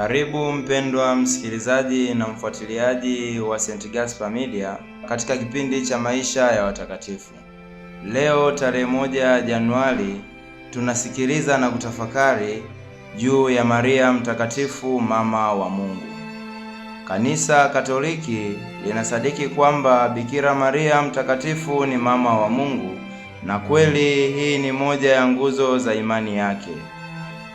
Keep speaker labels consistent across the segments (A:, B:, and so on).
A: Karibu mpendwa msikilizaji na mfuatiliaji wa St. Gaspar Media katika kipindi cha maisha ya watakatifu. Leo tarehe moja Januari tunasikiliza na kutafakari juu ya Maria mtakatifu mama wa Mungu. Kanisa Katoliki linasadiki kwamba Bikira Maria mtakatifu ni mama wa Mungu na kweli hii ni moja ya nguzo za imani yake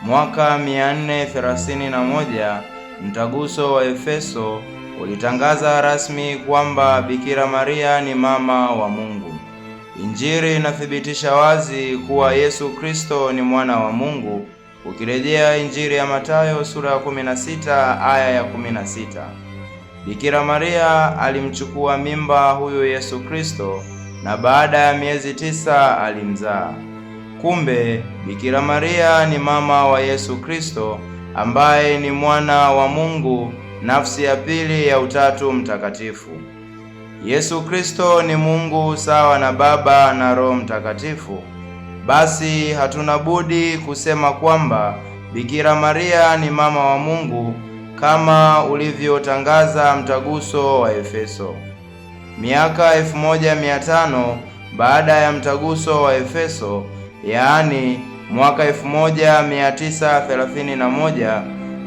A: mwaka 431 mtaguso wa Efeso ulitangaza rasmi kwamba Bikira Maria ni mama wa Mungu. Injili inathibitisha wazi kuwa Yesu Kristo ni mwana wa Mungu, ukirejea Injili ya Mathayo sura ya 16 aya ya 16. Bikira Maria alimchukua mimba huyo Yesu Kristo na baada ya miezi tisa alimzaa. Kumbe Bikira Maria ni mama wa Yesu Kristo ambaye ni mwana wa Mungu, nafsi ya pili ya Utatu Mtakatifu. Yesu Kristo ni Mungu sawa na Baba na Roho Mtakatifu. Basi hatuna budi kusema kwamba Bikira Maria ni mama wa Mungu kama ulivyotangaza mtaguso wa Efeso. Miaka elfu moja mia tano baada ya mtaguso wa Efeso yaani mwaka 1931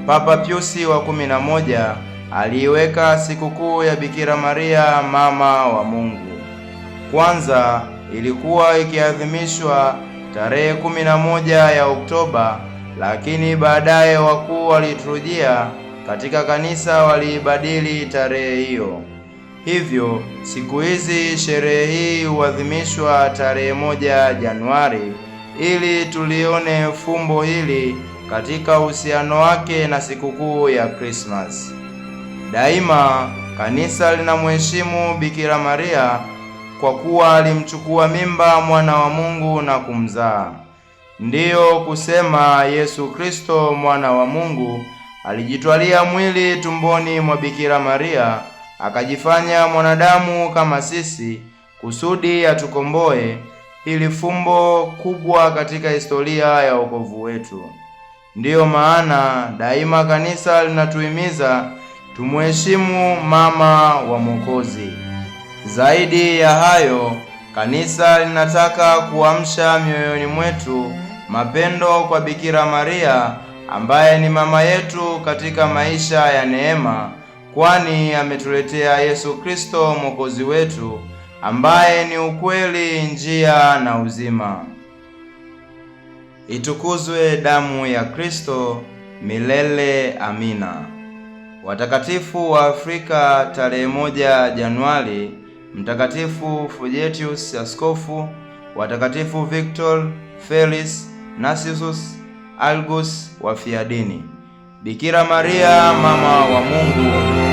A: Papa Piusi wa 11 aliiweka sikukuu ya Bikira Maria mama wa Mungu. Kwanza ilikuwa ikiadhimishwa tarehe 11 ya Oktoba, lakini baadaye wakuu waliturujia katika kanisa waliibadili tarehe hiyo. Hivyo siku hizi sherehe hii huadhimishwa tarehe moja Januari ili tulione fumbo hili katika uhusiano wake na sikukuu ya Krismasi. Daima kanisa linamheshimu Bikira Maria kwa kuwa alimchukua mimba mwana wa Mungu na kumzaa. Ndiyo kusema Yesu Kristo mwana wa Mungu alijitwalia mwili tumboni mwa Bikira Maria akajifanya mwanadamu kama sisi kusudi atukomboe hili fumbo kubwa katika historia ya wokovu wetu. Ndiyo maana daima kanisa linatuhimiza tumuheshimu mama wa Mwokozi. Zaidi ya hayo, kanisa linataka kuamsha mioyoni mwetu mapendo kwa Bikira Maria ambaye ni mama yetu katika maisha ya neema, kwani ametuletea Yesu Kristo mwokozi wetu ambaye ni ukweli, njia na uzima. Itukuzwe damu ya Kristo! Milele amina. Watakatifu wa Afrika, tarehe moja Januari: Mtakatifu Fujetius askofu, watakatifu Victor, Felis, Narcissus, Algus wafiadini, Bikira Maria mama wa Mungu